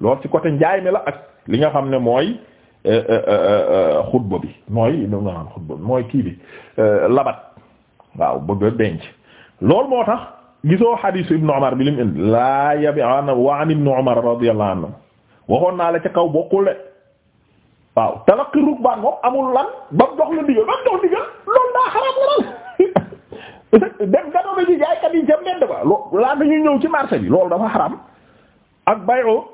loolu ci côté njaay mi la ak li nga xam ne mooy euh, euh, euh, xutba bi mooy lu nga xam xutba bi mooy kii bi labat waaw bëgg a denc loolu moo tax gisoo xadiis ibnu Umar bi lim indi laa yabi an waxoon naa la ca kaw bokkul de waaw talaqi rukbaan moom amul lan ba jox la ndigal ba mu jox ndigal loolu daa xaraam la dem gado bi ci jaaykat yi ca mbedd ba loo laa dañuy ñëw ci marché bi loolu dafa xaram ak bayoo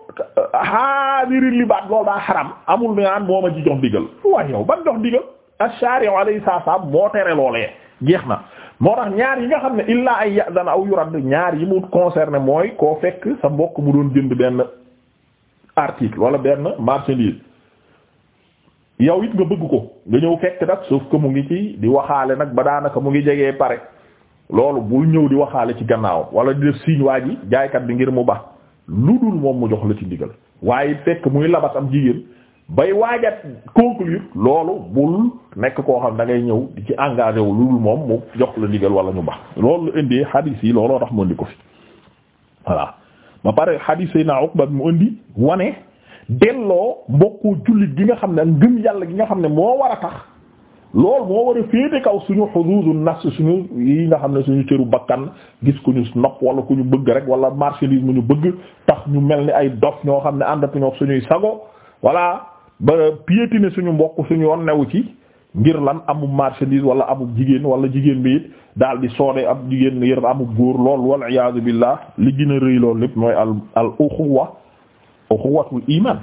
haadirin li baat loolu daa xaram amul ne aan moo ma ci jox digal waaye yow ban jox digal ash-shari'u alayhi salaam moo tere loolee jeex na moo tax ñaar yi nga xam ne illaa ay ya'dana aw yurad ñaar yi mu concerné mooy koo fekk sa mbokk mu doon jënd benn article wala benn marchandise yow it nga bëgg ko nga ñëw fekk nag sauf que mu ngi ci di waxaale nag ba daanaka mu ngi jegee pare loolu bul ñëw di waxaale ci gannaaw wala di def signe waa ji jaaykat bi ngir mu ba lu dul moom mu jox la ci ndigal waaye fekk muy labat am jigéen bay waajat conclure loolu bul nekk koo xam da ngay ñëw di ci engagé wu lu dul moom mu jox la ndigal wala ñu bax loolu indee xadiis yi looloo tax mu indi ko fi voilà ba pare xadiis yi naa Uqba mu indi wane delloo mbokku jullit gi nga xam ne ngëm yàlla gi nga xam ne moo war a tax loolu moo war a féete kaw suñu xuduudu nafs suñu yi nga xam ne suñu cëru bakkan gis ku ñu nopp wala ku ñu bëgg rek wala marchandise mu ñu bëgg tax ñu mel ni ay dof ñoo xam ne àndatuñoo suñuy sago voilà ba piétiner suñu mbokk suñu yoon newu ci ngir lan amub marchandise wala amub jigéen wala jigéen bi it daal di soode ab jigéen yër amub góor lool wal iyaadu billah li gën a rëy loolu lépp mooy al al uxuwa uxuwatul iman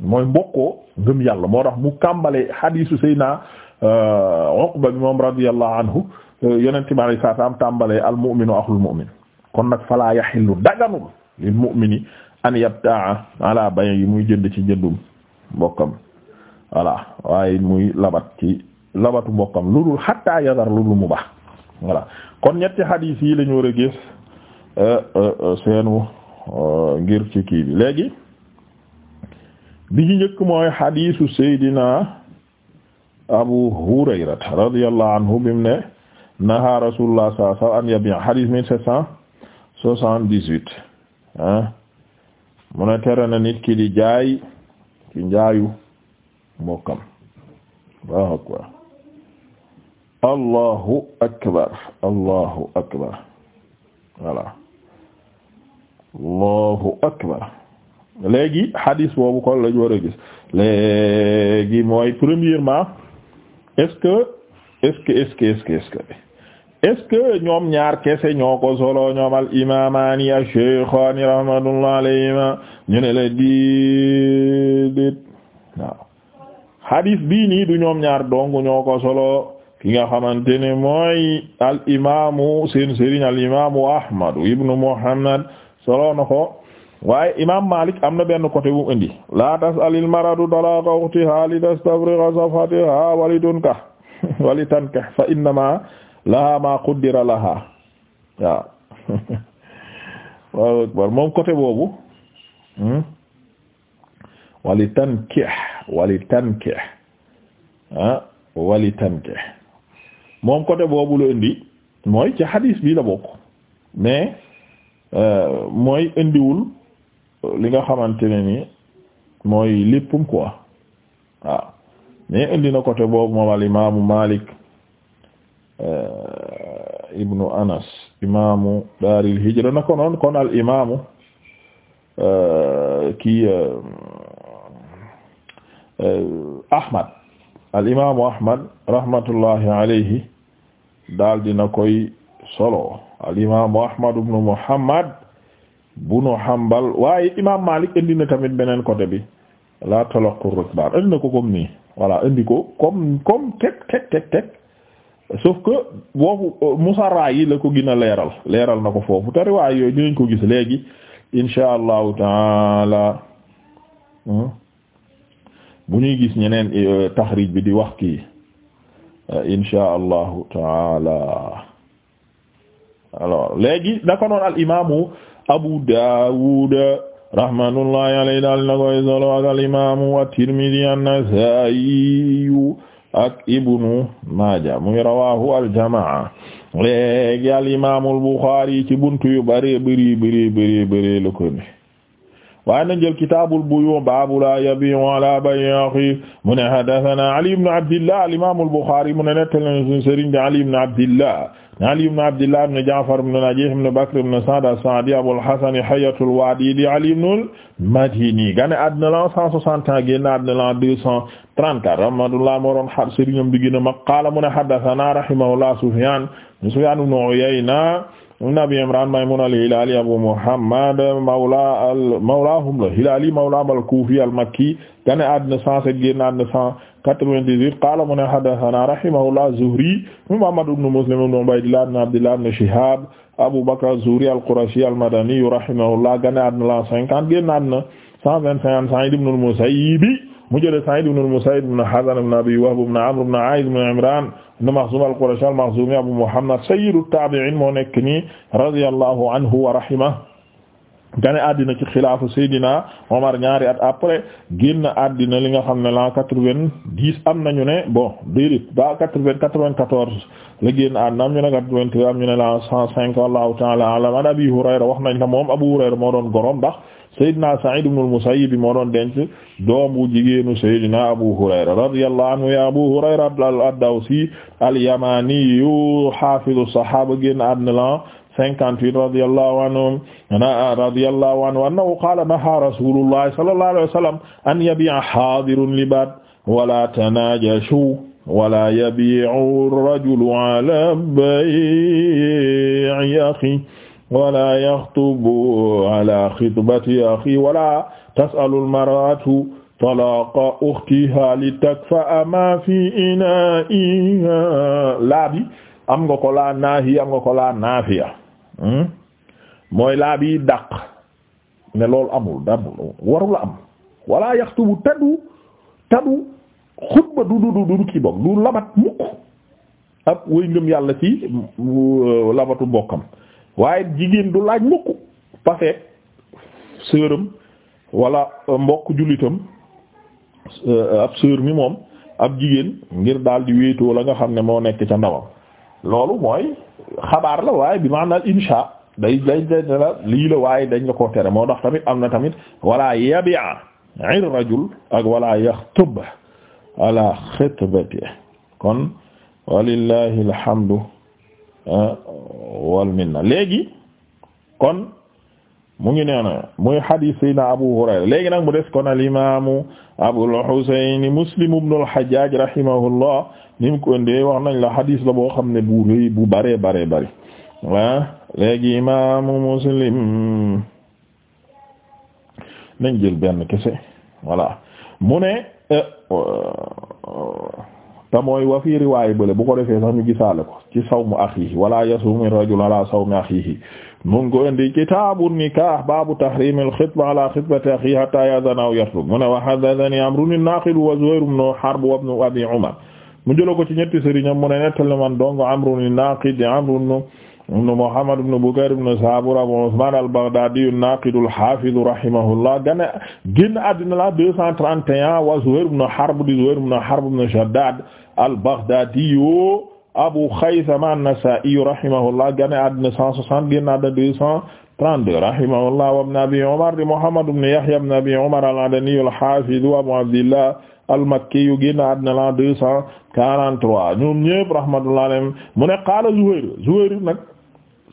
mooy mbokkoo ngëm yàlla moo tax mu kàmbalee xadiisu naa Euh, Uqba bi moom radiyallahu anhu euh, yonent bi al mu'minu mu'min kon nag falaa yaxillu daganul lil mu'mini an yabtaa ala bay yi muy jënd ci jëndum mbokkam voilà waaye muy labat ci labatu mbokkam lu dul yadar lu mu baax voilà kon ñetti xadiis yi lañu war a gis euh, seenu ngir ci kii bi léegi bi ci njëkk mooy Seydina Abu Hurayra radiyallahu anhu bim ne naha rasulullah sallallahu alayhi wa sallam an yabi'a hadith 1778 ah mu na nit di jaay ci njaayu mbokkam Allahu akbar Allahu akbar Allahu akbar voilà Allahu akbar léegi hadith boobu kon lañu war a gis léegi mooy premièrement est que est-ce que est que est que est que est-ce que ñoom ñaar kese ñoo ko al imamaani a rahmatullah alayhima ñu ne la déedéet waaw hadis bii nii du ñoom ki nga xamante ne al imaamu seen sëriñ al imaamu ahmadu ibnu muhammad solo na waaye imam Malik am na benn côté bu mu indi la tasalil maradu talaqa ukhtiha li tastafrigha safhatiha wali tunka wali laha ma quddira laha moom côté boobu hmm? wali tankih moom côté boobu la indi mooy ci hadis bi la bokk mais euh, mooy indiwul li nga xamante ne ni mooy léppum quoi waaw mais indi na côté boobu moom al imaamu Malik euh, ibnu Anas imaamu daaril hijra na ko kon euh, euh, al imaamu Ahmad rahmatullahi alayhi daal dina koy solo al imaamu Ahmad ibnu Muhammad bunu Hanbal waaye imaam Malik indi na tamit beneen côté bi la talaqu rukbaan indi na ko comme nii voilà indi ko comme comme teg teg teg teg sauf que euh, yi la ko gën a leeral leeral na ko foofu te riwaay yooyu dinañ ko gis léegi insha allahu taala hmm? bu ñuy gis ñeneen euh, taxrij bi di wax ki euh, insha allahu taala alors léegi naka noonu al imaamu Abu Dawud rahmatullahi alayhi daal na koy solo ak al-imaamu at-Tirmidhi an ak Ibnu Maaja muy rawaahu al-jamaa léegi al ci buntu yu bari bari bari bari waaye nañ jël kitaabul buyu' baabu laa yabii'u alaa bay'i akhiihi mu ne haddathanaa Ali ibn Abdillah al-imaam al-Bukhaari mu ne nettali nañu sëriñ bi Ali ibn Abdillah Ali ibn Abdillah ibn Ja'far ibn Najiih ibn Bakr ibn Sa'd as-Sa'di Abul Hasan Hayatul Waadidi Ali ibn al-Madini gane àddina la 160 génn àddina la 234 rahmatullah moo doon xar sëriñam bi gën a mag qaala mu ne haddathanaa rahimahullah Sufyaan Sufyaan ibn Uyayna ibn Abi Imran Maymun al-Hilali Abu Muhammad mawla mawlahum al-Hilali mawla al-Kufi al-Makki gane àddina 107 génn àddina 198 qala mu ne haddathana rahimahullah Zuhri Muhammad ibn Muslim ibn Ubaydillah ibn Abdillah ibn Shihab Abu Bakr az-Zuhri al-Qurashi al-Madani rahimahullah gane àddina 50 génn àddina 125 Sa'id ibn al-Musayyib mu jëlee Sa'id ibn al-Musayyib ibn Hazn ibn Abi Wahb ibn Amr ibn A'id ibn Imran ibn Makhzum al-Qurashi al-Makhzumi Abu Muhammad sayyidu taabi'iin moo nekk nii radiyallahu anhu wa rahimahu gane àddina ci xilaafu Seydina Omar ñaari at après génn àddina li nga xam ne la quatre-vingt-dix am nañu ne bon déedéet ba quatre-vingt quatre-vingt-quatorze la génn àddina am ñu ne quatre-vingt-trois am ñu ne la cent cinq wallahu ta'ala a'lam an Abi Hurayra wax nañ la moom Abu Hurayra moo doon gorom Seydina Saïd ibn al-Musayyib moo doon denc doomu jigéenu Seydina Abu Hurayra radiyallahu anhu ya Abu Hurayra ad-Dawsi al-Yamani hafizu sahaba génn àddina la 58 radiyallahu anhu radiyallahu anhu annahu qala naha rasulullahi sallallahu alayhi wa sallam an yabi'a hadirun libad wala tanajashu wala yabi'u ar-rajulu ala bay'i akhihi wala yaxtubu ala xitbati axi wala tasalul maratu talaqa uxtiha li takfa ma fi inaiha laa am nga ko laa naahi am nga ko naafiya hmm? mooy laa bi loolu am wala yaxtubu tadu tadu xutba du labat mukk ab wëy ngëm yàlla ci bokkam waaye jigéen du laaj mukk pase sëram wala mbokk jullitam euh, ab sër mi moom ab jigéen ngir daal di wéetoo la nga xam ne moo nekk ca ndawam loolu mooy xabaar la waaye bi maanaam insha day day day la lii la waaye dañ la ko tere moo tax tamit am na tamit wala yabi'a ir rajul ak wala yaxtub ala xitbati kon walillahi alhamdu Ah, wal minna léegi kon mu ngi nee na muy hadith sayna Abu Hurayra léegi nag mu des kon al imaamu Abul Husayn Muslim ibn al-Hajjaj rahimahullah ni mu ko wax nañ la hadith la boo xam ne bu bu bare bare bare ah imaamu Muslim nañ jël benn kese voilà mu ne. Eh, te mooy wa fii riwaaya bële bu ko defee sax gisaale ko ci sawmu axiihi wala yasumu rajul ala sawmi axiihi mu ngi ko indi kitaabu nikaah baabu tahriimil xitba ala xitbati axiihi hattaa ya'zana aw yatlub mu ne wa haddathanii wa Zuhayr ibn Harb wa ibn Abi Umar mu jëlo ko ci ñetti sëriñam mu ne nettali man dong Amrun an-Naaqid ibnu Muhammad ibnu Bukayr ibnu Sabur Abu Usman al-Baghdadi an-Naqid al-Hafiz rahimahullah gane génn àddina la 231 wa Zuhayr ibnu Harb di Zuhayr ibnu Harb ibnu Shaddad al-Baghdadi Abu Khaythama an-Nasa'i rahimahullah gane àddina 160 génn àddina 232 rahimahullah wa ibnu Abi Umar di Muhammad ibnu Yahya ibnu Abi Umar al-Adani al-Hafiz Abu Abdillah al-Makki yu génn àddina la 243 ñoom ñépp rahmatullah alayhim mu ne qaala Zuhayr Zuhayr nag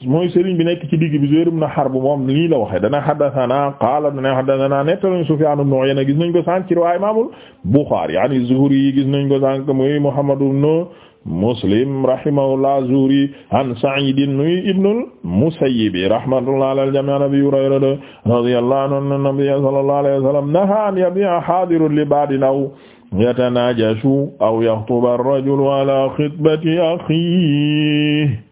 mooy sëriñ bi nekk ci digg bi Zuhayr ibn Harb moom lii la waxee dana haddathana qaala dana haddathana nettalañu Sufyaan ibn Uyayna gis nañ ko sànq ci riwaaya Imaamul Buxaari yaani Zuhri yi gis nañ ko sànq muy Muhammad ibn Muslim rahimahullah Zuhri an Sa'iid nuy ibnul Musayyib rahmatullah alal jamii' an Abii Hurayrata radiyallahu anhu anna nabiyya sallallahu alayhi wa sallam nahaa an yabii'a haadirul libaadin aw yatanaajashu aw yaxtuba ar-rajulu alaa xitbati axiihi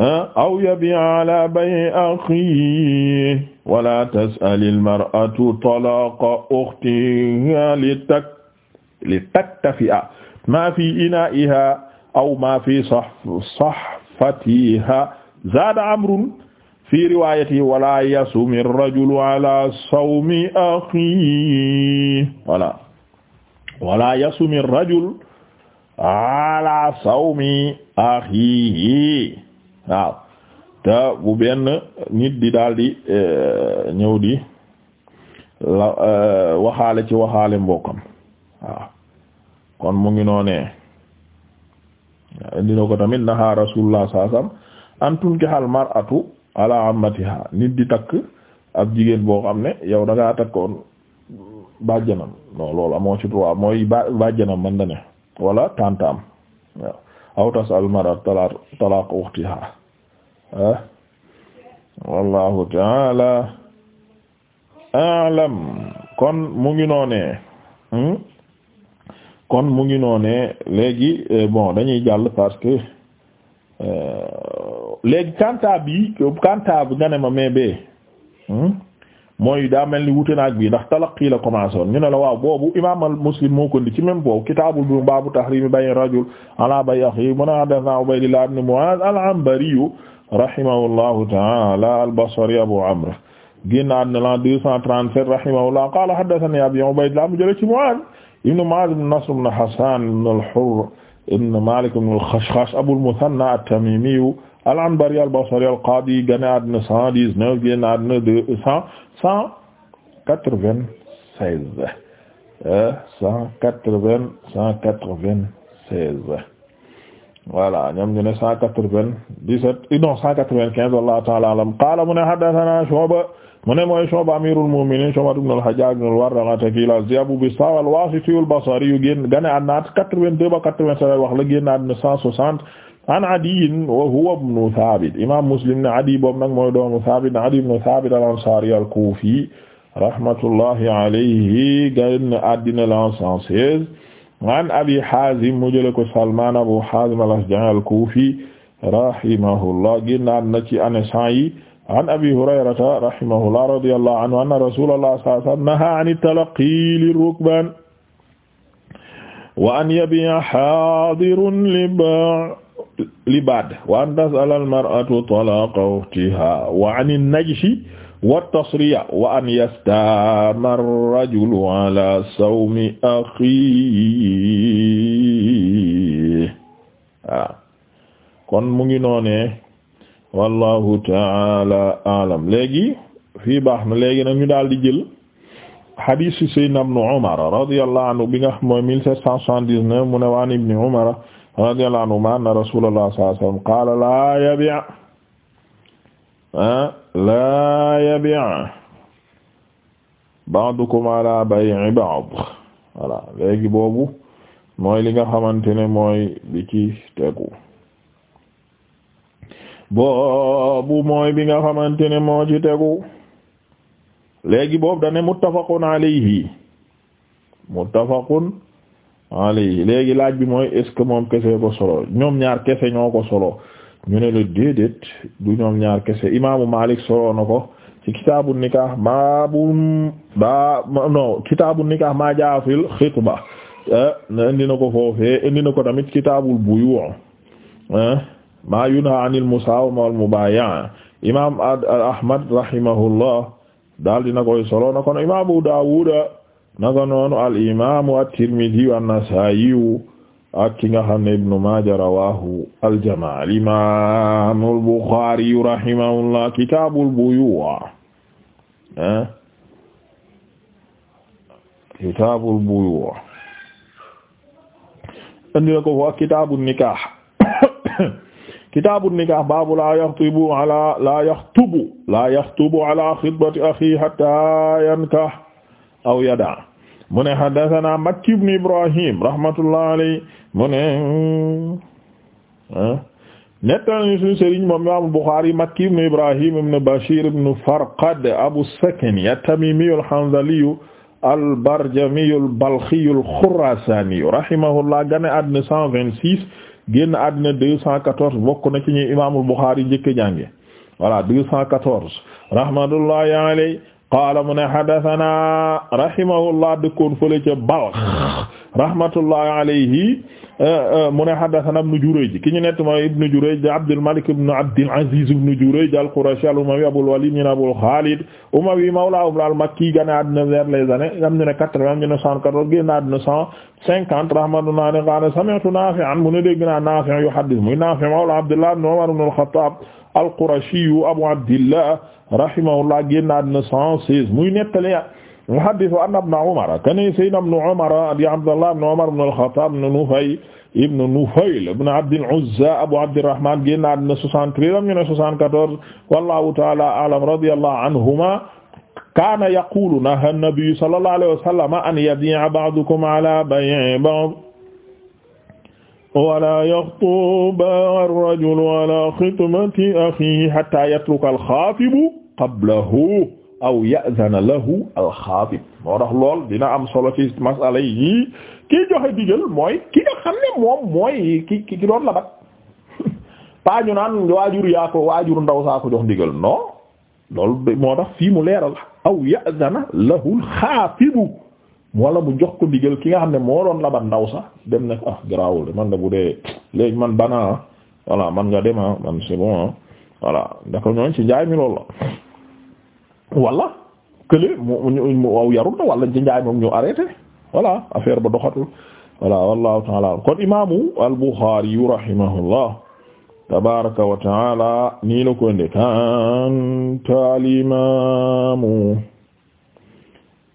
aw yabi'a ala bay'i akhihi wala tas'al al-mar'atu talaqa ukhtiha litak litaktafi'a ma fi ina'iha aw ma fi sahfatiha zada amrun fi riwayati wala yasum ar-rajulu ala sawmi akhihi wala wala yasum ar-rajulu ala sawmi akhihi waaw te bu benn nit di daal di e, ñëw di e, waxaale ci waxaale mbokkam waaw kon mu ngi noonee indi na ko tamit naha rasulullah sallallahu alaihi wasallam an tunkihal mar'atu ala ammatiha nit di takk ab jigéen boo xam ne yow da ngaa takkoon bàjjanam non loolu amoo ci droit mooy ba bàjjanam man wala tantam waaw aw tas al mar'at talaq talaq ah wallahu taala alam kon mu ngi noonee hmm? kon mu ngi noonee léegi eh, bon dañuy jàll parce que eh, léegi kanta bi kanta bi nga ne ma mais bee hmm? mooy daa ni wute naag bi ndax talaqi la commencé woon ñu ne la waaw boobu imaamal muslim moo ko ndi ci même boobu kitaabul bu baabu tahrimi bay'i rajul ala bay mun a def naa Ubaydillah ibn Mu'az al-Anbari rahimahullahu ta'ala al-Basri Abu Amr génnaat na la 237 rahimahullah qala haddathani Abi Ubaydillah mu jële ci Mu'aaz ibn Mu'aaz ibn Nasr ibn Hasan ibn al-Hurr ibn Malik ibn al-Khashkhash Abu al-Muthanna at-Tamimi al-Anbari al-Basri al-Qadi génnaat na 119 génnaat na 196 180 196 voilà a ñu ne cent quatre-vingt-dix-sept eh non cent quatre-vingt-quinze wallahu ta'ala alam qaala mu ne haddathana Shu'ba mu ne mooy Shu'ba amirul mu'minin Shu'ba ibn al-Hajjaj ibn al-Warraqi al-Azdi Abu Bistaam al-Wasiti al-Basri yu génn gane àddina 82 ba an Adiy wa huwa ibn Thabit imam Muslim ne Adiy boobu Thabit al-Ansari al-Kufi rahmatullahi alayhi génn àddina la 116 an abi hazim mu jële ko salman abu hazim al-asja'i al-kufi rahimahullah génnaat na ci année cent yi an abi hurayrata rahimahullah radiyallahu anhu anna rasulullah sallallahu alayhi wasallam naha an at-talaqqi lirukban wa an yabi'a hadirun libad wa an tas'ala al-mar'atu talaqa ukhtiha wa an an-najshi wa tasriya wa an yastama rajulu ala sawmi axi waaw kon mu ngi noonee wallahu taala alam léegi fii baax na léegi nag ñu daal di jël hadis si sayyidina ibn Umar radiyallahu anhu bi nga xam mooy 1779 mu ne wa an ibn Umar radiyallahu anhuma anna rasulullah sallallahu alayhi wasallam qala la yabi' ah. laa yabi' ba'dukum ala bay'i ba'd voilà léegi boobu mooy li nga xamante ne mooy bi ci tegu boobu mooy bi nga xamante ne moo ci tegu léegi boobu dane muttafaqun alayhi muttafaqun alayhi léegi laaj bi mooy est-ce que moom kese ko solo ñoom ñaar kese ñoo ko solo ñu ne la déedéet du ñoom ñaar kese imaamu Malik solo na ko ci kitaabu nikah maa bu baa non nikah maa jaa fil xitba eh, indi na ko foofee indi na ko tamit kitaabul buyu eh, maa yunha anil musaawama wal mubaaya'a imaam Ahmad rahimahullah daal dina koy solo na kon Daawuda naka noonu al imaamu at-Tirmidhi wa an-Nasaa'i ak ki nga xam ne ibnu maaja rawahu aljamaa alimam albuxaari rahimahullah kitaabul buyuu' eh? kitaabul buyuu' andi na ko fo ak kitaabun nikaah kitaabun nikaah baabu laa yaxtubu ala laa yaxtubu laa yaxtubu ala xitbati axi hatta yankah aw yadaa mu ne haddathana Makki ibn Ibrahim rahmatullah alayhi mu ne ah, nettal ñu suñu sëriñ moom imam Bukhari Makki ibn Ibrahim ibn Bashir ibn Farqad Abu Sakani at-Tamimi al-Hanzali al-Barjami al-Balkhi al-Khurasani rahimahullah gane àddina 126 génn àddina 214 bokk na ci ñi imam Bukhari njëkk a jànge voilà 214 rahmatullahi alayhi qaala mu ne hadathana rahimahullah dëkkoon fële ca Balx rahmatullahi alayhi eh, eh, mu ne hadathana ibnu Jurayj ki ñu nett mooy ibnu Jurayj Abdul Malik ibnu Abdil Aziz ibnu Jurayj al-Qurashi al-Umawi Abul Walid ñu ne Abul Khalid Umawi mawlaahum al-Makki gane àddina vers les années am ñu ne quatre-vingt ñu ne cent quatorze génn àddina cent cinquante rahmatullahi alayhi qaala sami'tu Naafi'an mu ne dégg naa Naafi' yuhaddith muy Naafi' mawla Abdullah ibn Umar ibn al-Khattab al-Qurashiyu Abu Abdillah rahimahullah génn àddina 116 muy nettali muhaddis anna ibn Umar kaana sayyidina ibn Umar di Abdullah ibn Umar ibn al-Khattab ibn Nufay ibn Nufayl ibn Abd al-Uzza Abu Abdirrahman génn àddina 73 am ñu ne 74 wallahu ta'ala a'lam radiyallahu anhuma kaana yaqulu naha an-nabiyyu sallallahu alayhi wa sallam an yabi'a ba'dukum ala bay'i ba'd wala yaxtub arrajulu ala xitmati axiihi hatta yatruka alxaatibu qablahu aw ya'zana lahu alxaatib moo tax lool dina am solo ci masala yi kii joxe digal mooy ki nga xam moom mooy ki ki labat paa ñu naan waajur waajur ndaw saako ko jox digal non loolu fii mu leeral aw ya'zana lahu alxaatibu wala bu jox ko ki nga xam ne moo doon laban ndaw sax dem ne ah garaawul man de bu dee man bana voilà man nga dem ah, man c'est bon ah, voilà dafa ñooñ ci mi loolu wala kële mu waw wala ci njaay moom ñu arrêté affaire ba doxatul voilà wallahu taala kon imaamu al-Bukhari tabaraka wa taala nii la ko ndekanta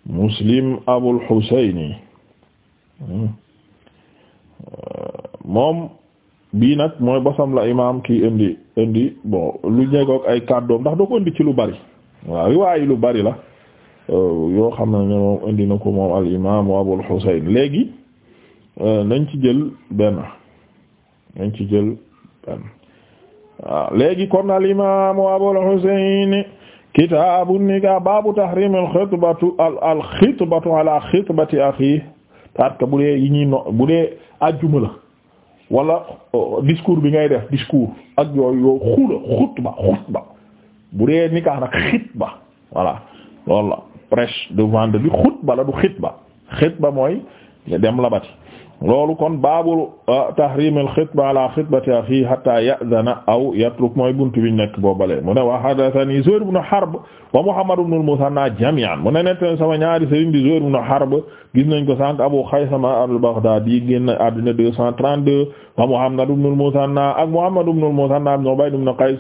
muslim abul xusayni moom bii nag mooy basam la imaam ki indi indi bon lu ñegoog ay kàddoom ndax da ko indi ci lu bari waaw riwaayi lu bari la euh, yoo xam ne moom indi na ko moom al imaam abul xusayn léegi euh, nañ ci jël benn nañ ci jël benn léegi kon al imaam abul xusayn kitaabu nikah baabu tahrim al xitbatu ala xitbati axi parce que bu dee yi no bu dee ajjuma la wala discours bi ngay def discours ak yooyu yow xula xutba xutba bu dee nikah nag xitba voilà loolu la de vendredi xutba la du xitba xitba mooy dem labati loolu kon baabul uh, tahrim al xitba ala xitbati axi hatta ya'dana aw yatruk mooy buntu bi nekk boobale mu ne wa hadathani Zuhayr ibn Harb wa Muhammad ibn al-Muthanna jami'an mu ne nettane sama ñaari sëriñ di Zuhayr ibn Harb gis nañ ko sànq Abu Khaysama al-Baghdadi génn àddina 232 wa Muhammad ibn al-Muthanna ak Muhammad ibn al-Muthanna ibn Ubayd ibn Qays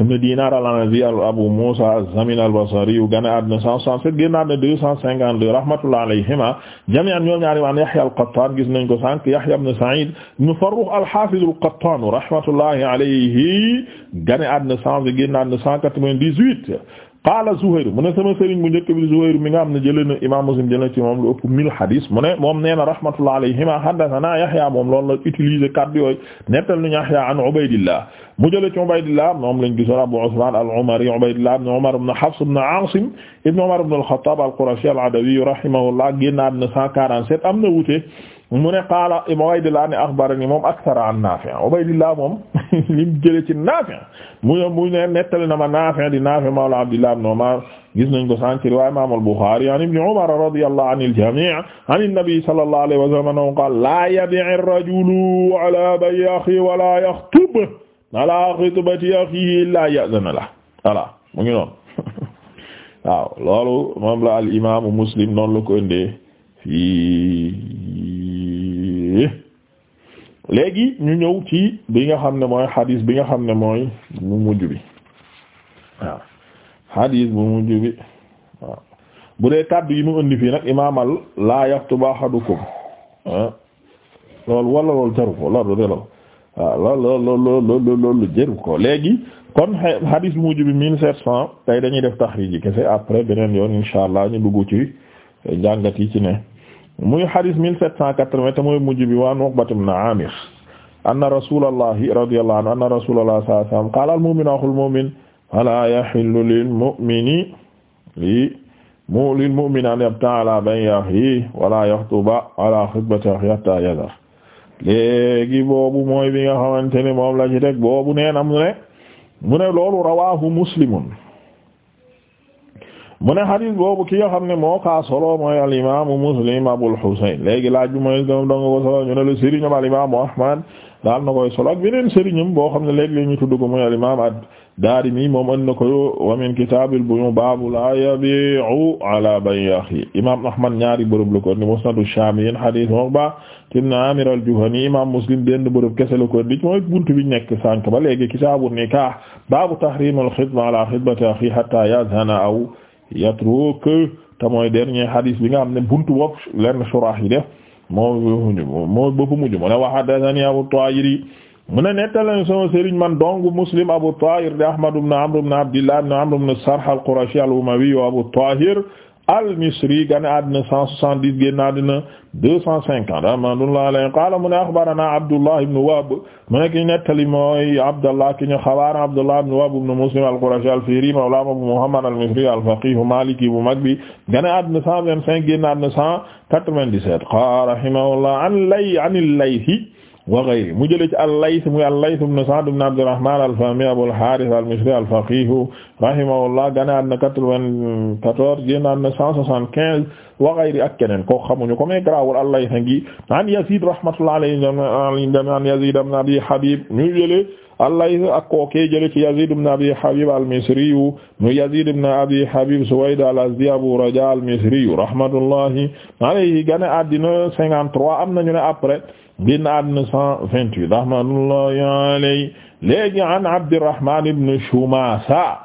ibn Dinar al-Anazi Abu Musa az-Zamin al-Basri gane àdduna 167 génn àdduna 252 rahmatullahi alayhima jami'an ñoom ñaari waan Yahya al-Qattan gis nañ ko sànq Yahya ibn Sa'id ibn Farrukh al-Hafiz al-Qattan rahmatullahi alayhi gane àdduna 100 génn àdduna 198 qaala Zuhayr mu ne sama sëriñ bu njëkk bi Zuhayr mi nga xam ne jëlee na imaam Muslim jëlee ci moom lu ëpp mille hadis mu ne moom nee na rahmatullah alayhima haddathana Yahya moom loolu la utiliser kaddu yooyu nettal nu Yahya an Ubaydillah mu jëlee ci Ubaydillah moom lañ gisoon Abu Usman al-Umari Ubaydillah ibn Umar ibn Hafs ibn Asim ibn Umar ibn al-Khattab al-Qurashi al-Adawi rahimahullah génnaat na 147 am na wuute mu ne qaala Ubaydillah ne axbarani moom akthara an Naafi' Ubaydillah moom lim jële ci Naafi' mu ne mu ne nettali na ma Naafi' di Naafi' mawla Abdillah ibn Umar gis nañ ko sànq riwaaya Imaam al-Bukhari an Ibn Umar radiyallahu anil jamii' an an-nabi sallallahu alayhi wa sallam annahu qaala laa yabi'u ar-rajulu ala bay'i akhihi wa laa yaxtubu ala xitbati akhihi illaa ya'zana lahu voilà mu ngi noonu waaw loolu moom la al imaamu Muslim noonu la ko indee fii yi léegi ñu ñëw ci bi nga xam ne mooy xadis bi nga xam ne mooy mu mujj bi waaw xadis bu mujj bi waaw bu dee kàddu yi mu indi fii nag imaamal laa yaktubu ahadukum ah. loolu wala loolu jaru ko loolu de loolu waaw ah, loolu loolu loolu loolu jaru ko léegi kon xadis bu mujj bi mille sept cent tey dañuy def taxriij yi kese après beneen yoon insha allah ñu dugg ci njàngat yi ci ne muy xadis mille sept cent quatre-vingts mooy mujj bi waan Amir anna rasulallahi radiyallahu anhu anna rasulallahi sallallahu alayhi wasallam qaala al-mu'minu axul mu'min fala yahillu lil mu'mini mu lil mu'mini an yabta'a ala bayni axiihi wala yaxtuba ala xitbati axiihi hatta yadhar léegi boobu mooy bi nga xamante ne moom la ci teg boobu nee loolu rawaahu muslimun mu ne xadis boobu ki nga xam ne moo ka solo mooy al imaamu muslim abul husayn léegi laaj bi mooy dong dong ko solo ñu ne la sëriñam al imaamu ahmad daal na koy solo ak beneen sëriñam boo xam ne léegi la ñu tudd ko mooy al imaam ad-daarimi moom ënd na ko wa min kitaabil buyu' baabu laa yabii'u ala bay'i axi imaam ahmad ñaari bërëb la ko indi musnadu shaamiyin xadis Uqba ibn Aamir al-Juhani imaam muslim benn bërëb kese la ko indi mooy buntu bi nekk sànq ba léegi kitaabu nikaah baabu tahriimil xitba ala xitbati axi hatta yadhana aw yatruk te mooy dernier hadith bi nga xam ne buntu bopp lenn surah yi def moo mujj moo bëpp mujj mu ne wa haddathani Abu Tahir mu ne nettalen sama sëriñ man dong Muslim Abu Tahir di Ahmad ibn Amr ibn Abdillah ibn Amr ibn Sarh al-Qurashi al-Umawi Abu Tahir al-Misri gane àddina 170 génn àddina 250 rahmatullahi alayhi qaala mu ne axbaranaa Abdullah ibn Wahb mu ne ki nettali mooy Abdullah ki ñu xabaar Abdullah ibn Wahb ibn Muslim al-Qurashi al-Fihri mawla Abu Muhammad al-Misri al-faqih maliki bu mag bi gane àddina 125 génn àddina 197 qaala rahimahullah an lay an al-Layth wa ghayri mu jëlee ci al-Layth muy al-Layth ibn Sa'd ibn Abd al-Rahman al-Fahmi Abu al-Harith al-Misri al-faqih rahimahullah ganaat na quatre-vingt-quatorze génnaat na cent soixante-quinze wa ghayri ak keneen ko xamuñu ko mais grawul allah yi ngi an Yazid rahmatullah alayhi an Yazid ibn Abi Habib ñu jële allah yi ak kookee jële ci Yazid ibn Abi Habib al-Misri yu ñu Yazid ibn Abi Habib Suwayd al-Azdi Abu Raja al-Misri yu rahmatullahi alayhi gane àddina cinquante-trois am nañu ne après génn àddina cent vingt-huit rahmatullahi alayhi léegi an Abdurrahman ibn Shumasa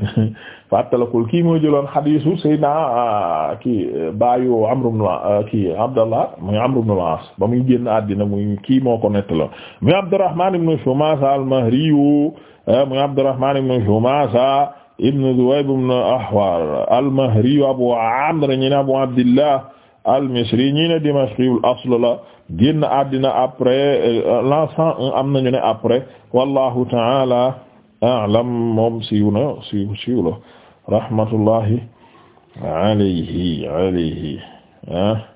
fàttalakul kii moo jëloon xadiisu Seydina ah, kii baayu Amr ibn ah, kii Abdallah muy Amr ibn al-As ba muy génn àddina muy kii moo ko nettaloon muy Abdurrahman ibn Shumasa al-Mahri ah, muy Abdurrahman ibn Shumasa ibn Dhuwayb ibn Ahwar al-Mahri Abu Amr ñi ne Abu Abdillah al-Misri ñi ne Dimashqi al-asl la génn àddina après eh, l'an 101 am nañu ne après wallahu ta'ala alam moom siiw na siiw siiw la rahmatullahi alayhi alayhi ah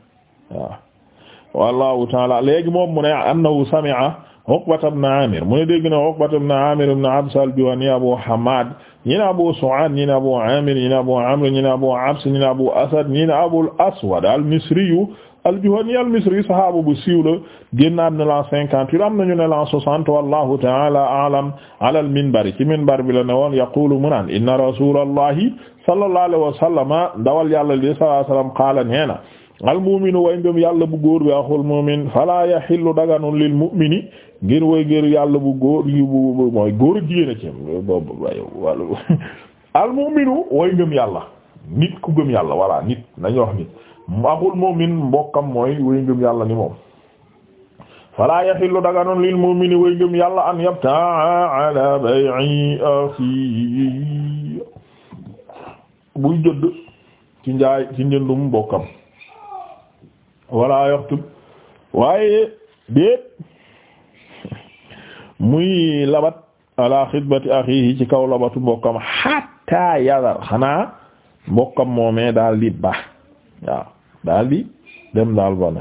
wallahu taala léegi moom mu ne annahu sami'a Uqbata ibn Amir mu ne dégg na Uqbata ibn Amir ibn Abs al-Juhani Abu Hammad ñi ne Abu Su'an ñi ne Abu Amir ñi ne Abu Amr ñi ne Abu Abs ñi ne Abu Asad ñi ne Abul Aswad al-Misri al-Juhani al-Misri sahaaba bu siiw la génnaat l'an cinquante-huit am nañu ne l'an soixante wallahu ta'ala a'lam ala al-minbar ci minbar bi la ne dawal yàlla li qaala neena al way ngëm yàlla bu góor bi axul mu'min fala yahillu daganun lil mu'mini ngir way ngir yàlla bu góor bu mooy góor ak jigéen a way ngëm yàlla nit ku gëm yàlla walla nit nañu wax axul mu'min mbokkam mooy way ngëm yàlla ni moom fala yaxillu daganoon lil mu'mini way ngëm yàlla an yabtaa ala bay'i buy jëdd ci njaay ci njëndum mbokkam wala yaxtub waaye déet muy labat ala xidmati axiihi ci kaw labatu mbokkam hatta yadar xanaa mbokkam moomee daal di baax waaw daal di dem daal bana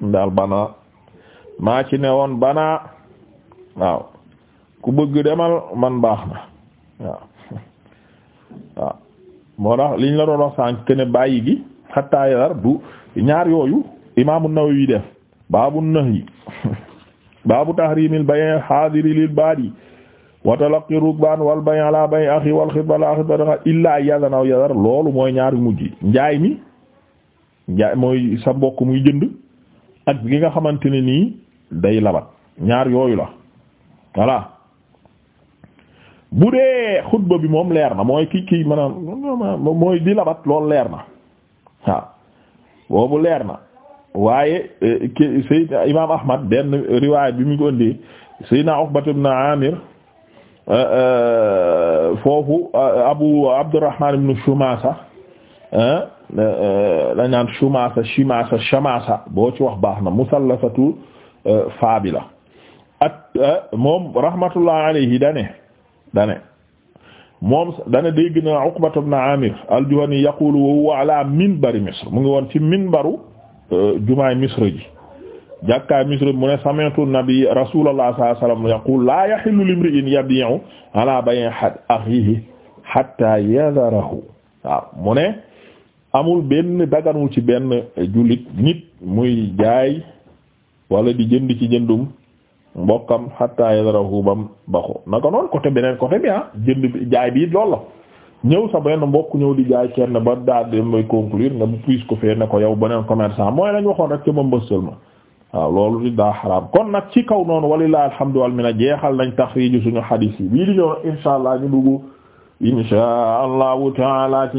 moom maa ci ne woon bana waaw ku bëgg demal man baax na waaw waaw moo tax liñ la doon wax sànq bàyyi gi xattaa yar du ñaar yooyu imaamu Nawawi def baabu nahyi baabu tahrimil bay' hadiri lil badi wa talaqqi wal bay' ala bay' akhi wal khitba ala khitba illaa yazana aw loolu mooy ñaar yu mujj njaay mi ja mooy sa mbokk muy jënd ak gi nga xamante ne nii day labat ñaar yooyu la voilà bu dee xutba bi moom leer na mooy ki kii maanaam mooy di labat loolu leer na waaw boobu leer na waaye eh, ki Seydina Imaam Ahmad benn riwaay bi mu ko indi Seydina Uqbat ibn Amir eh, eh, foofu Abu Abdurrahman ibn Shumasa Euh, euh, la ñaan shumasa shimasa shamasa boo ci wax baax na musallasatu euh, faabi la ak moom rahmatullah alayhi dane dane moom dane dégg na Uqbat ibn Amir al-Juhani yaqulu wa huwa ala minbari Misr mu ngi woon ci minbaru jumaay Misr ji jàkkaay Misr mu ne sami'tu nabi rasulullah sallallahu alayhi wasallam yaqulu la yahillu limri'in yabi'u ala bay'i akhihi hatta yadharahu waaw mu ne amul benn daganul ci benn jullit nit muy jaay wala di jënd ci jëndum mbokkam xatta yadrahu ba baxu naka noonu côté beneen côté bi ah jënd bi jaay bi lool la ñëw sa benn mbokk ñëw di jaay kenn ba daal di may conclure nga bu puis ko fee ne ko yow beneen commerçant mooy lañ waxoon rek ca ba mbëstal ma waaw loolu di daa xaraam kon nag ci kaw noonu walilah alhamdulilah jeexal nañ taxriij suñu xadiis yi bii di ñëw insha allah ñu dugg insha allahu taala ci